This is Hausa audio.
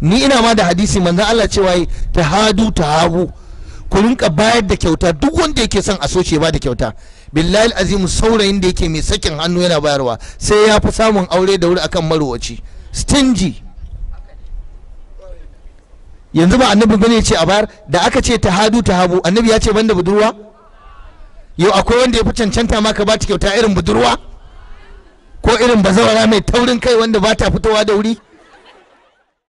ni ina ma da hadisi manzan Allah cewa ta hadu ta hagu ku rinka bayar da kyauta duk wanda yake son a soce ba da kyauta billahi azimu saurayin da yake mai sakin hannu yana bayarwa sai ya fi samun aure da wuri akan marwaci. stingy yanzu ba annabi bane ce a bayar da aka ce ta hadu ta habu annabi ya ce banda budurwa yau akwai wanda ya fi cancanta maka ba ta kyauta irin budurwa ko irin bazawara mai taurin kai wanda ba ta fitowa da wuri